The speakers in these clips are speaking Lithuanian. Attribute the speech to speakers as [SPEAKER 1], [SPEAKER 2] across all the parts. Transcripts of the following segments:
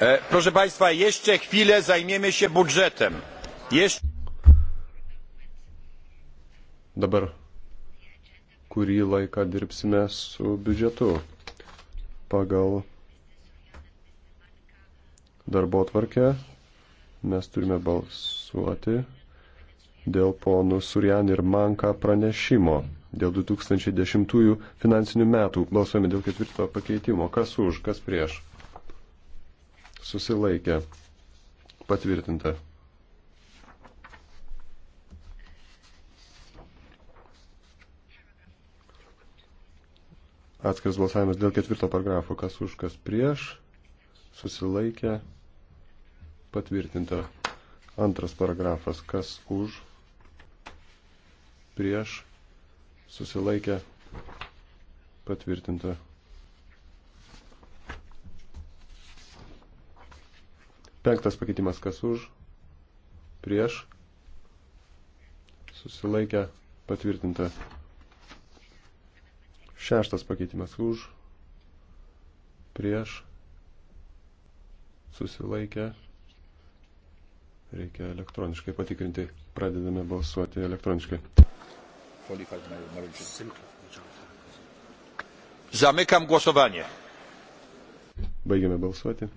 [SPEAKER 1] E, proszę Państwa, jeszcze chwilę zajmiemy się budżetem. Jeszcze...
[SPEAKER 2] Dabar kurį laiką dirbsime su biudžetu pagal darbo tvarkę. Mes turime balsuoti dėl ponų Surjan ir Manka pranešimo dėl 2010 finansinių metų. Balsuojame dėl ketvirto pakeitimo. Kas už, kas prieš susilaikė patvirtinta. Atskiras balsavimas dėl ketvirto paragrafo, kas už, kas prieš, susilaikė, patvirtinta. Antras paragrafas, kas už, prieš, susilaikė, patvirtinta. Penktas pakeitimas kas už, prieš, susilaikę, patvirtinta. Šeštas pakeitimas už, prieš, susilaikę. Reikia elektroniškai patikrinti. Pradedame balsuoti elektroniškai. Zamykam głosowanie. Baigiame balsuoti.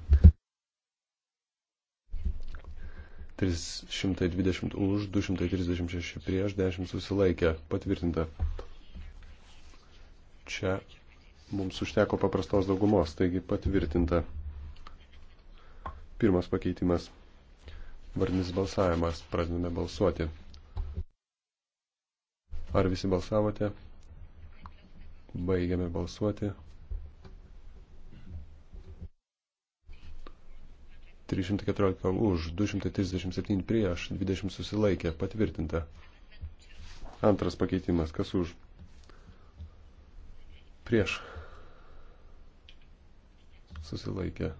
[SPEAKER 2] 320 už, 236 prieš, 10 susilaikė. Patvirtinta. Čia mums užteko paprastos daugumos, taigi patvirtinta. Pirmas pakeitimas. Vardinis balsavimas. Pradedame balsuoti. Ar visi balsavote? Baigiame balsuoti. 314 už, 237 prieš, 20 susilaikė, patvirtinta. Antras pakeitimas, kas už? Prieš. Susilaikė.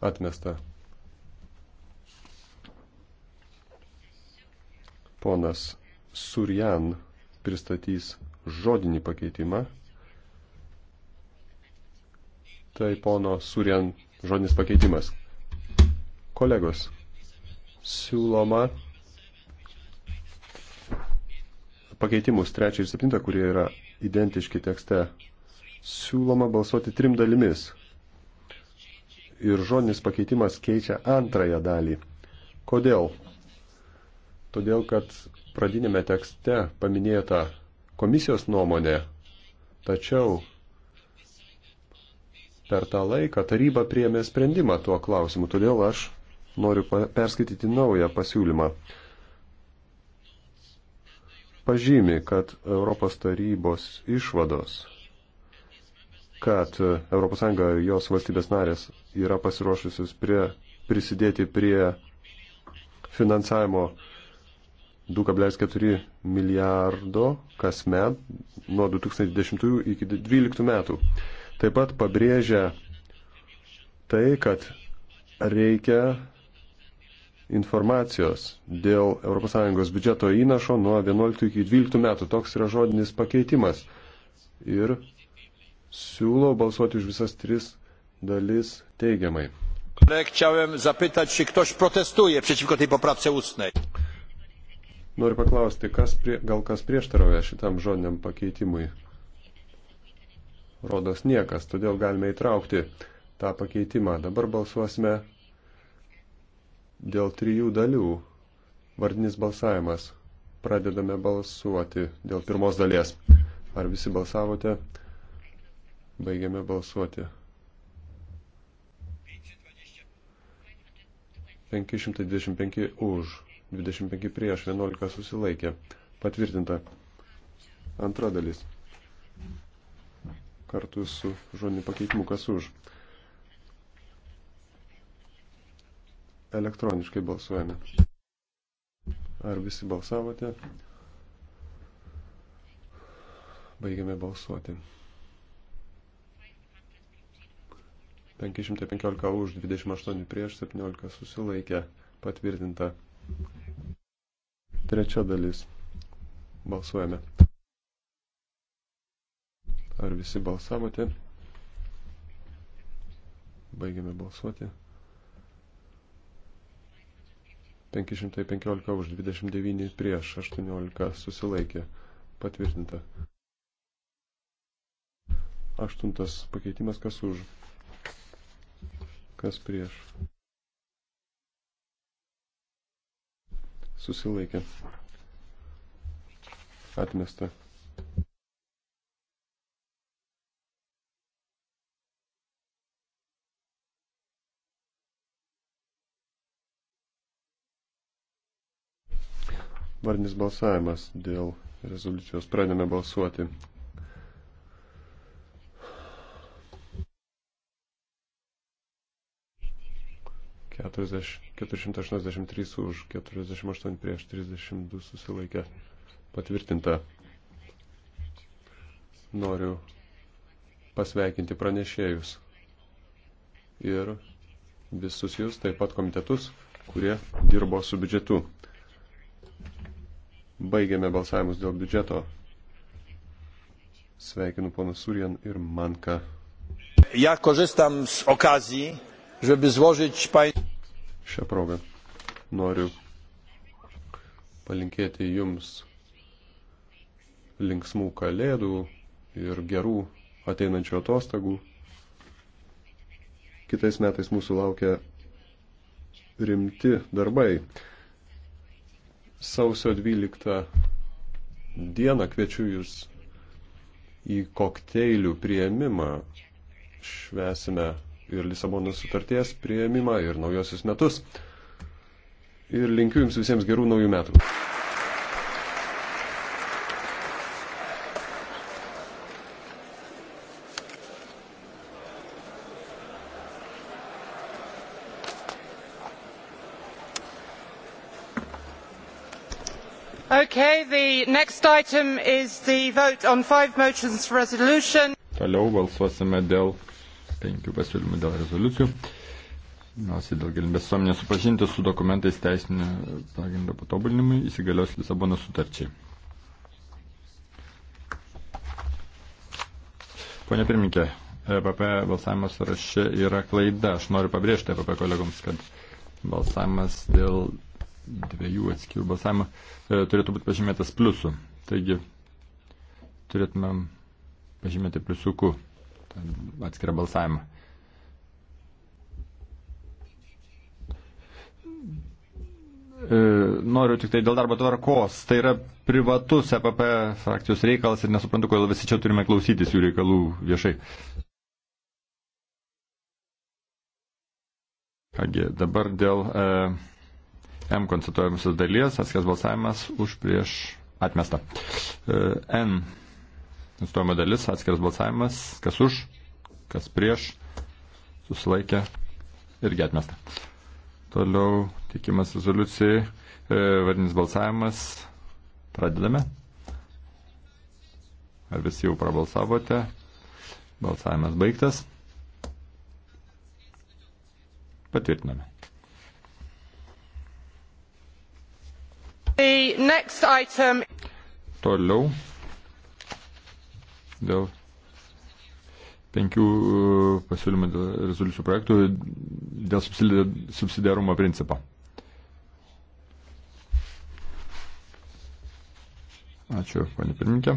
[SPEAKER 2] Atmesta. Ponas Surjan pristatys žodinį pakeitimą. Tai pono Surien žodinis pakeitimas. Kolegos, siūloma pakeitimus 3 ir 7, kurie yra identiški tekste, siūloma balsuoti trim dalimis. Ir žodinis pakeitimas keičia antrąją dalį. Kodėl? Todėl, kad pradinėme tekste paminėta komisijos nuomonė, tačiau Per tą laiką taryba priemė sprendimą tuo klausimu, todėl aš noriu perskaityti naują pasiūlymą. Pažymi, kad Europos tarybos išvados, kad ES ir jos valstybės narės yra pasiruošusius prie, prisidėti prie finansavimo 2,4 milijardo kasmet nuo 2010 iki 2012 metų taip pat pabrėžia tai, kad reikia informacijos dėl ES biudžeto įnašo nuo 11 iki 12 metų. Toks yra žodinis pakeitimas. Ir siūlau balsuoti už visas tris dalis teigiamai.
[SPEAKER 1] Chciałem zapytać, czy ktoś protestuje przeciwko tej poprawce ustnej.
[SPEAKER 2] Noriu paklausti, kas prie, gal kas prieštarauja šitam žodiniam pakeitimui rodos niekas, todėl galime įtraukti tą pakeitimą. Dabar balsuosime dėl trijų dalių. Vardinis balsavimas. Pradedame balsuoti dėl pirmos dalies. Ar visi balsavote? Baigiame balsuoti. 525 už, 25 prieš, 11 susilaikė. Patvirtinta. Antra dalis kartu su žodiniu pakeitimu, kas už. Elektroniškai balsuojame. Ar visi balsavote? Baigiame balsuoti. 515 už, 28 prieš, 17 susilaikė, patvirtinta. Trečia dalis. Balsuojame. Ar visi balsavote? Baigiame balsuoti. 515 už 29 prieš 18 susilaikė. Patvirtinta. Aštuntas pakeitimas kas už. Kas prieš. Susilaikė. Atmesta. Varnis balsavimas dėl rezoliucijos. Pradėme balsuoti. Keturiasdešimt aštuoniasdešimt trys už keturiasdešimt aštuoni prieš trisdešimt du susilaikė. Patvirtinta. Noriu pasveikinti pranešėjus ir visus jūs, taip pat komitetus, kurie dirbo su biudžetu. Baigiame balsavimus dėl biudžeto. Sveikinu ponus Surian ir Manka.
[SPEAKER 1] Ja korzystam z okazji, żeby złożyć państwu.
[SPEAKER 2] Šią progą noriu palinkėti jums linksmų kalėdų ir gerų ateinančių atostogų. Kitais metais mūsų laukia rimti darbai sausio 12 dieną kviečiu Jūs į kokteilių prieimimą. Švesime ir Lisabonos sutarties prieimimą ir naujosius metus. Ir linkiu Jums visiems gerų naujų metų.
[SPEAKER 1] Okay, the next item is the vote on five motions for resolution. Toliau balsuosime dėl penkių pasiūlymų dėl rezoliucijų. Pirmiausia, dėl galimybės suomenės supažinti su dokumentais teisinio pagrindo patobulinimui įsigalios Lisabono sutarčiai. Pone pirmininkė, EPP balsavimo sąraše yra klaida. Aš noriu pabrėžti EPP kolegoms, kad balsavimas dėl dviejų atskirų balsavimų e, turėtų būti pažymėtas pliusu. Taigi turėtumėm pažymėti pliusuku atskirą balsavimą. E, noriu tik tai dėl darbo tvarkos. Tai yra privatus EPP frakcijos reikalas ir nesuprantu, kodėl visi čia turime klausytis jų reikalų viešai. Kągi, dabar dėl e, M konstatuojamosios dalies, atskiras balsavimas už prieš atmestą. E, N konstatuojama dalis, atskiras balsavimas, kas už, kas prieš, susilaikė irgi atmestą. Toliau tikimas rezoliucijai, e, vardinis balsavimas, pradedame. Ar visi jau prabalsavote? Balsavimas baigtas. Patvirtiname. Item... Toliau dėl penkių e, pasiūlymų dėl rezoliucijų projektų dėl subsidiarumo principo. Ačiū, panė pirmininkė.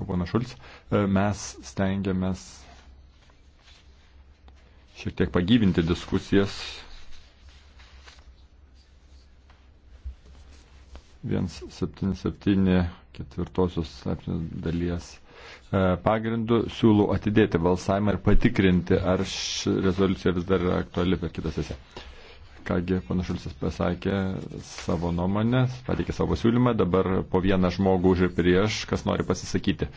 [SPEAKER 1] Kopona Šulc. E, mes stengiamės šiek tiek pagyvinti diskusijas 177 ketvirtosios dalies e, pagrindu siūlau atidėti balsavimą ir patikrinti, ar ši rezoliucija vis dar yra aktuali per kitą sesiją. Kągi, panašulis pasakė savo nuomonę, pateikė savo siūlymą, dabar po vieną žmogų už ir prieš, kas nori pasisakyti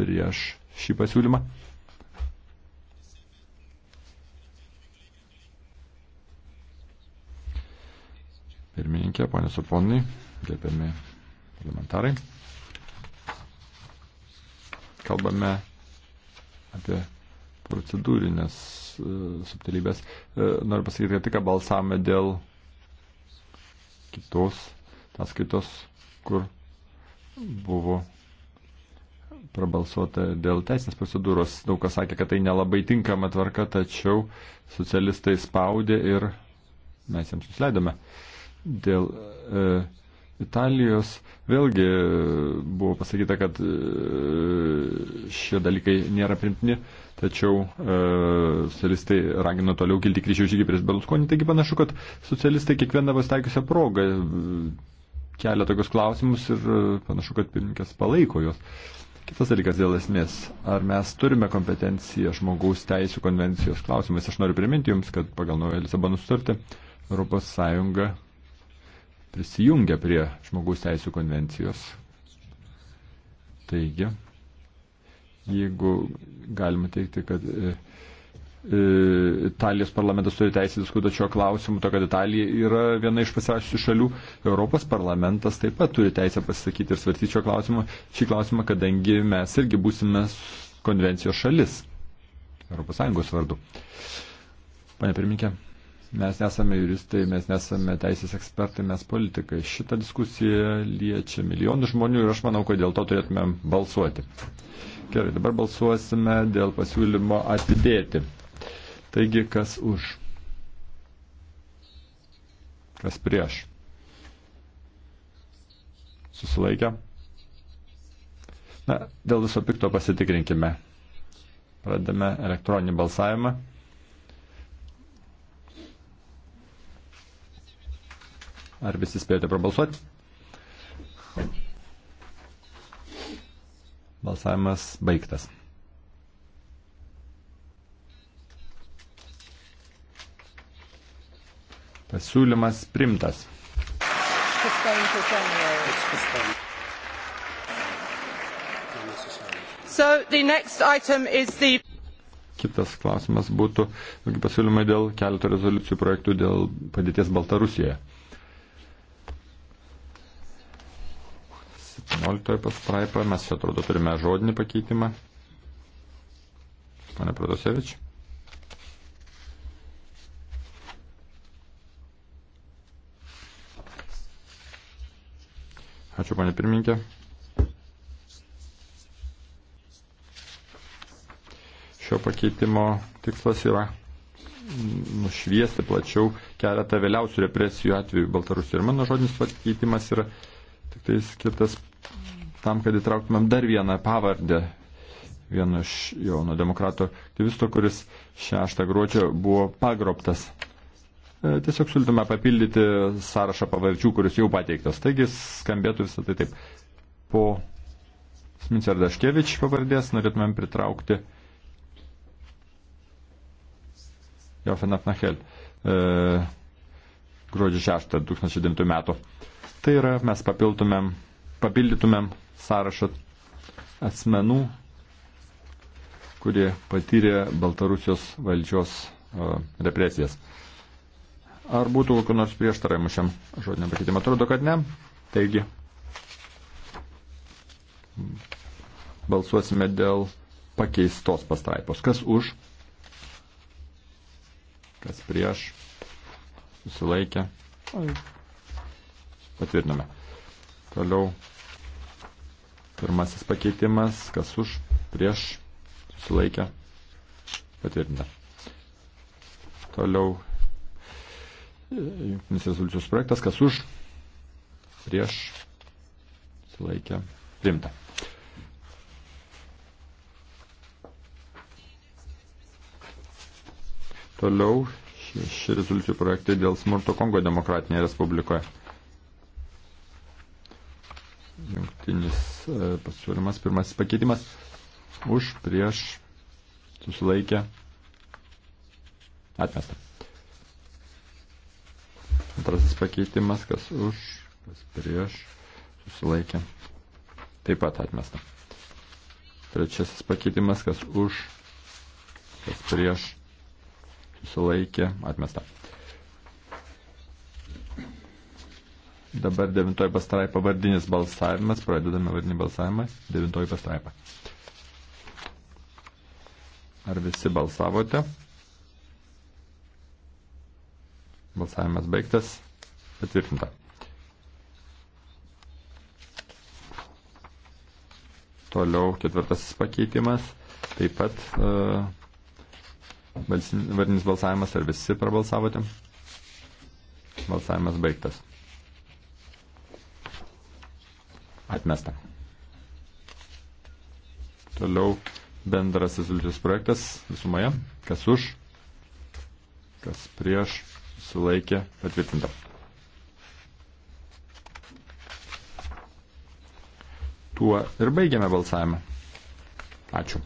[SPEAKER 1] prieš šį pasiūlymą. Pirmininkė, ponės ir ponai gerbiami parlamentarai. Kalbame apie procedūrinės e, subtilybės. E, noriu pasakyti, kad tik balsavome dėl kitos ataskaitos, kur buvo prabalsuota dėl teisinės procedūros. Daug kas sakė, kad tai nelabai tinkama tvarka, tačiau socialistai spaudė ir mes jiems nusileidome. Dėl e, Italijos vėlgi buvo pasakyta, kad e, šie dalykai nėra primtini, tačiau e, socialistai ragino toliau kilti kryžiaus žygį prieš Berlusconį, taigi panašu, kad socialistai kiekvieną pastaikiusią progą e, kelia tokius klausimus ir panašu, kad pirmininkas palaiko juos. Kitas dalykas dėl esmės. Ar mes turime kompetenciją žmogaus teisų konvencijos klausimais? Aš noriu priminti Jums, kad pagal naują Lisabonų sutartį Europos Sąjunga prisijungia prie žmogaus teisų konvencijos. Taigi, jeigu galima teikti, kad e, e Italijos parlamentas turi teisę diskutuoti šio klausimu, to kad Italija yra viena iš pasirašysių šalių, Europos parlamentas taip pat turi teisę pasisakyti ir svarstyti šio klausimo, šį klausimą, kadangi mes irgi būsime konvencijos šalis. Europos Sąjungos vardu. Pane pirminkė. Mes nesame juristai, mes nesame teisės ekspertai, mes politikai. Šitą diskusiją liečia milijonų žmonių ir aš manau, kad dėl to turėtume balsuoti. Gerai, dabar balsuosime dėl pasiūlymo atidėti. Taigi, kas už? Kas prieš? Susilaikę? Na, dėl viso pikto pasitikrinkime. Pradame elektroninį balsavimą. Ar visi spėjote prabalsuoti? Balsavimas baigtas. Pasiūlymas primtas. So the next item is the Kitas klausimas būtų pasiūlymai dėl keletų rezoliucijų projektų dėl padėties Baltarusijoje. 18 pastraipą, mes čia atrodo turime žodinį pakeitimą. Pane Pradosevič. Ačiū, pane pirmininkė. Šio pakeitimo tikslas yra nušviesti plačiau keletą vėliausių represijų atvejų Baltarusijoje. Ir mano žodinis pakeitimas yra tik tai skirtas tam, kad įtrauktumėm dar vieną pavardę vieno iš jauno demokrato aktyvisto, kuris 6 gruodžio buvo pagrobtas. E, tiesiog siūlytume papildyti sąrašą pavardžių, kuris jau pateiktas. Taigi skambėtų visą tai taip. Po Smincerdaškevič pavardės norėtumėm pritraukti Jofen Apnachel e, gruodžio 6 2009 metų. Tai yra, mes papildytumėm sąrašą asmenų, kurie patyrė Baltarusijos valdžios e, represijas. Ar būtų kokiu nors prieštaravimu šiam žodiniam pakeitimui? Atrodo, kad ne. Taigi, balsuosime dėl pakeistos pastraipos. Kas už? Kas prieš? Susilaikė. Patvirtiname. Toliau Pirmasis pakeitimas, kas už, prieš, susilaikę, patvirtinta. Toliau
[SPEAKER 2] jungtinis
[SPEAKER 1] rezoliucijos projektas, kas už, prieš, susilaikę, priimta. Toliau šie rezoliucijų projektai dėl smurto Kongo demokratinėje respublikoje jungtinis e, pasiūlymas, pirmasis pakeitimas už, prieš, susilaikę, atmesta. Antrasis pakeitimas, kas už, kas prieš, susilaikę, taip pat atmesta. Trečiasis pakeitimas, kas už, kas prieš, susilaikė, atmesta. Dabar devintoji pastraipa vardinis balsavimas. Pradedame vardinį balsavimą. Devintoji pastraipa. Ar visi balsavote? Balsavimas baigtas. Patvirtinta. Toliau ketvirtasis pakeitimas. Taip pat uh, vardinis balsavimas. Ar visi prabalsavote? Balsavimas baigtas. Atmesta. Toliau bendras rezoliucijos projektas visumoje. Kas už, kas prieš, sulaikė, patvirtinta. Tuo ir baigiame balsavimą. Ačiū.